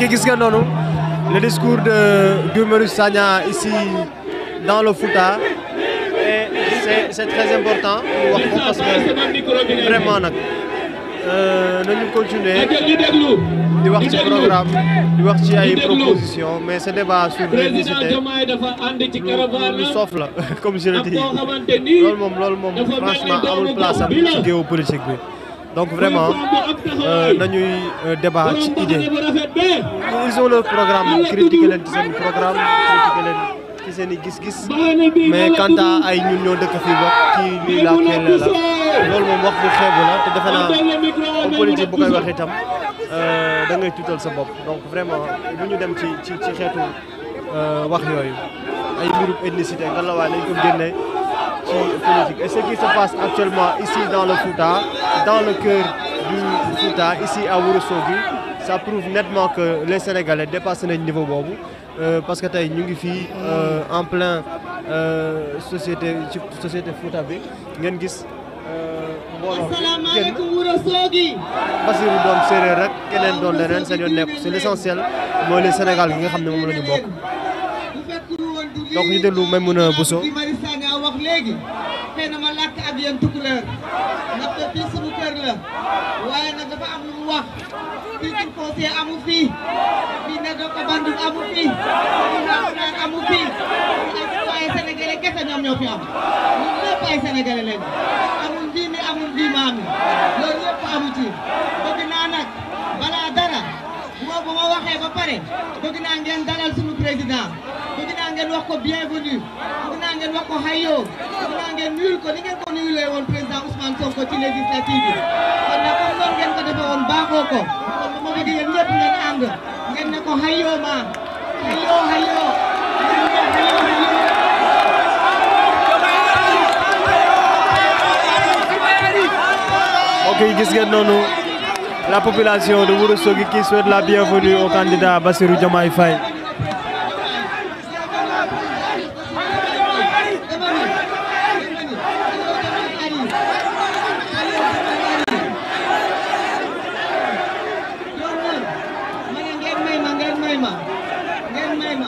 mbokk gis nga noonu le discours de Guy Marius Sagna isi dans le Fouta et c'est c'est très important ñu wax ko parce que vraiment nag euh, nañu continuer di wax ci programme di wax ci ay proposition mais ce débat sur l'ethnicité lu soof la comme je l'ai dit loolu moom loolu moom franchement amul place am ci géopolitique bi donc vraiment euh, nañuy euh, débat ci idée ils ont leur programme critiquer leen ci seen programme critiquer leen ci seen i gis-gis mais quant ay ñun ñoo dëkk fii wax ci lii laa kele la loolu moom wax bu xeebu la te defe naa comme politique bu koy wax itam euh, da ngay tuutal sa bopp donc vraiment bu ñu dem ci ci ci xeetu wax yooyu ay mbirum ethnicité nga la waaye nañ ko génne politique. Et ce qui se passe actuellement ici dans le Fouta, dans le cœur du Fouta, ici à Ourossogui, ça prouve nettement que les Sénégalais dépassent le niveau boobu Euh, parce que tey ñu ngi fii euh, en plein euh, société ci bi ngeen gis. Euh, mbooloo bi génn Basiru rek keneen doon leneen seen yoon nekk c'est l'essentiel mooy le Sénégal gi nga xam ne moom la ñu léegi xëy na ma làkk ak yéen tukkuleer ndaxte fii suñu kër la waaye nag dafa am lu mu wax titre foncier amu fii fii ne doo ko bandul amu fii fii naafulaar amu fii fii ak ay sénégalais kese ñoom ñoo fi am ñun lépp ay sénégalais lañu amul diine amul diimaami loolu yëpp amu ci waxee ba pare bëgg naa ngeen dalal suñu président bëgg naa ngeen wax ko bienvenue bëgg naa ngeen wax ko hayoo bëgg naa ngeen nuyul ko ni ngeen ko nuyulee woon président Ousmane Sonko ci législative bi kon nag comme noonu ngeen ko defee woon baaxoo ko kon ma bëgg yéen ñëpp ngeen ànd ngeen ne ko hayoo maa hayoo hayoo ok gis ngeen noonu la population de Ourossogui qui souhaite la bienvenue au candidat Bassirou Diomaye Faye. ngeen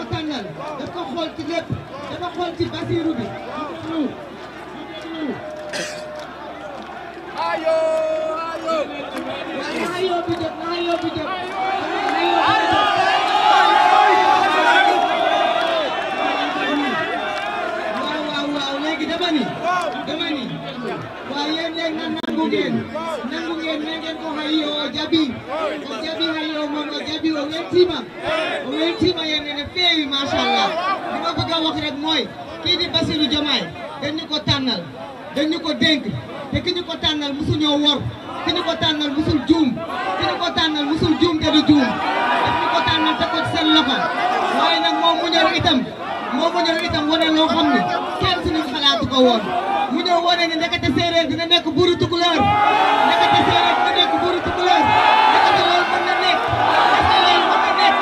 ko tànnal daf ko xool ci lépp dafa xool ci Basiru bi ñu déglu ayo ayo ayo bi jot ayo bi jot ngeen nangu ngeen ne ngeen ko hay o jaɓi o jaɓi hay o moom o jaɓi o weltima o weltima yenne ne feewi machallah li ma bëgg a wax rek mooy kii di Bassirou Diomaye dañ ñu ko tànnal dañ ñu ko dénk te ki ñu ko tànnal musu wor ki ñu ko tànnal musul juum ki ñu ko tànnal musul juum te du juum daf ko tànnal te ko seen loxo waaye nag moom mu itam moom mu ñor itam wane loo xam ne kenn suñu xalaatu ko woon mu ñëw wane ni nekkati séeréer dina nekk buuru tukulóor nekkati séeréer dina nekk buuru tukulóor nekkati loolu mën na nekk nekkati loolu mën na nekk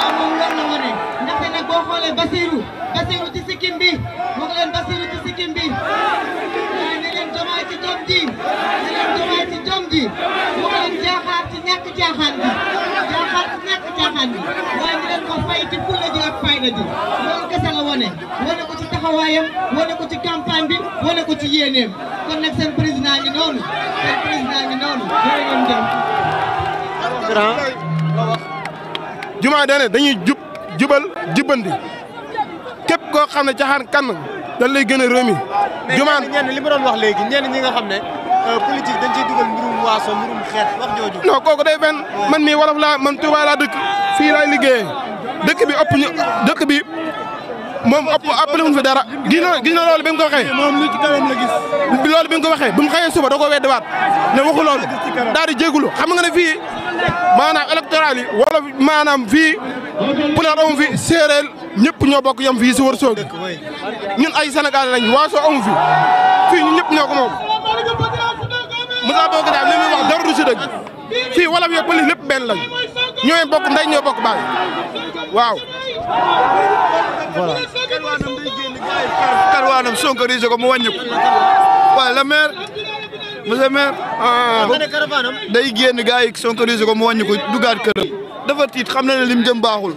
waaw moom loolu la wane ndaxte nag boo xoolee Basirou Basirou ci sikkim bi mu ngi leen Basirou ci sikkim bi waaye ne leen jomaay ci jom ji ne leen jomaay ci jom ji mu ngi leen jaaxaar ci ñàkk jaaxaan bi jaaxaar ci ñàkk jaaxaan bi fay ko ci taxawaayam wane ko ci campagne bi wane ko ci yéeneem kon jumaa dane dañuy jub jubal jubbanti képp koo xam ne caxaan kan dañ lay gën a rëmi. jumaa mais ñenn li ma doon wax léegi ñenn ñi nga xam ne. Euh, politique dañ ciy dugal mbirum waaso mbirum xeet wax jooju. non kooku day fen man mii wolof laa man Touba laa dëkk dëkk bi ëpp ño dëkk bi moom ëpp appelé wuñ fa dara gis na gis na bi mu ko waxee. moom li ci gis. loolu bi mu ko waxee bu mu xëyee suba da koo weddiwaat ne waxu loolu daal di xam nga ne fii maanaam électoral yi maanaam fii pulaar amu fi séeréer ñëpp ñoo bokk yam fii si wër ñun ay Sénégal lañ waa soo amu fi fii ñun ñëpp ñoo ko moom Moussa Bocar Thiam li muy wax dara fii wala fii police lépp benn lañ. ñooy bokk ndey ñoo bokk baay waaw. voilà. Karwaanam Sonko riise ko mu wàññi ko waaye le maire monsieur maire. Ah, day génn gars yi Sonko riise ko mu wàññi ko dugaat këram. dafa tiit xam na ne lim jëm baaxul.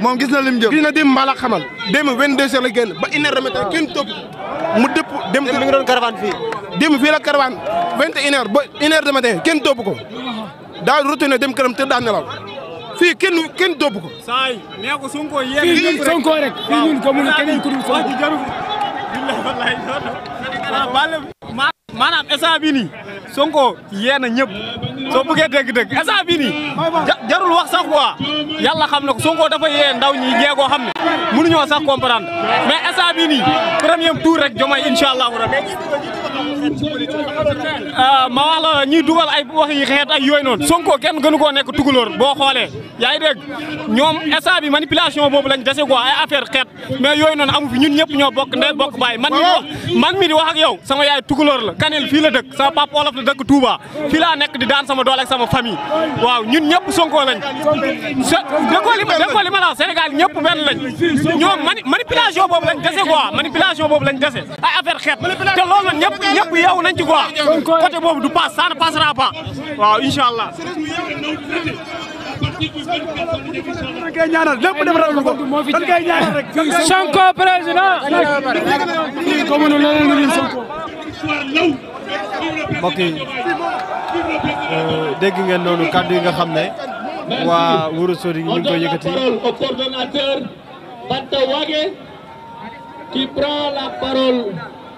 moom gis na lim jëm gis na dim mbala xamal. démb 22h la génn ba une heure remettre kenn topp mu dëpp dem. démb mi ngi doon caravane fii. démb fii la caravane 21h ba une heure de matin kenn topp ko daal retourné dem këram te daan nelaw fii kenn kenn ko. saa yi nee fii Sonko rek fii ñun ko mun keneen ku dul Sonko. maanaam instant bii nii Sonko yee na ñëpp soo bëggee dégg-dégg instant bii nii jarul wax sax quoi yàlla xam na ko Sonko dafa yee ndaw ñi ñee koo xam ne mënuñoo sax comprendre mais instant bii nii premier rek jomay incha allahu Euh, ma wax la euh, ñuy dugal ay wax yi xeet ak yooyu noonu Sonko kenn gënu koo nekk tukulóor boo xoolee yaa ngi dégg ñoom instant bi manipulation boobu lañ dese quoi ay affaire xeet mais yooyu noonu amu fi ñun ñëpp ñoo bokk ndey bokk baay man mi wax man mi di wax ak yow sama yaay tukulóor la Kanel fii la dëkk sama papa Wolof la dëkk Touba fii laa nekk di daan sama dole sama famille waaw ñun ñëpp Sonko lañ déggoo li déggoo li ma la Sénégal ñëpp benn lañ ñoom manipulation boobu lañ dese quoi manipulation boobu lañ dese affaire xeet te loolu nag ñëpp ñëpp yow nañ ci quoi côté boobu du pass ça ne passera pas waaw incha allah. dañ koy ñaanal lépp Sonko président. commune leneen lu dul Sonko. mbokk yi dégg ngeen noonu kàddu yi nga xam ne waa Wuro Sodi ñu ngi yëkkati. au coordonnateur Banta Wage qui prend la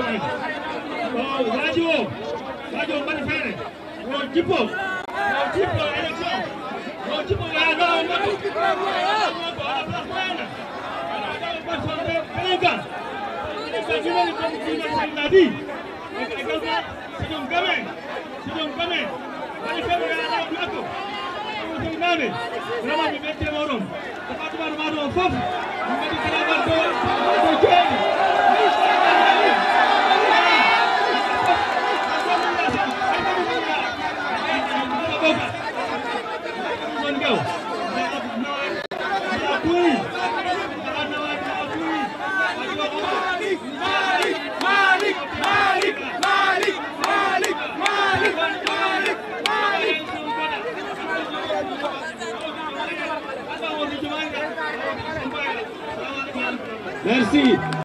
Diomaye waaw waaji o waaji o mbaɗi feere yo jippo yo jippo élection yo jippo yaadoo mbaɗu ko ala place moyana ala daw battorde pelega sa jumani comme jina sanna di e galma si ɗum game si ɗum game mbaɗi feere yaadoo ɗakko naane vraiment mi mettema ɗon département de maɗo o fof mi mbaɗi kalaman to ici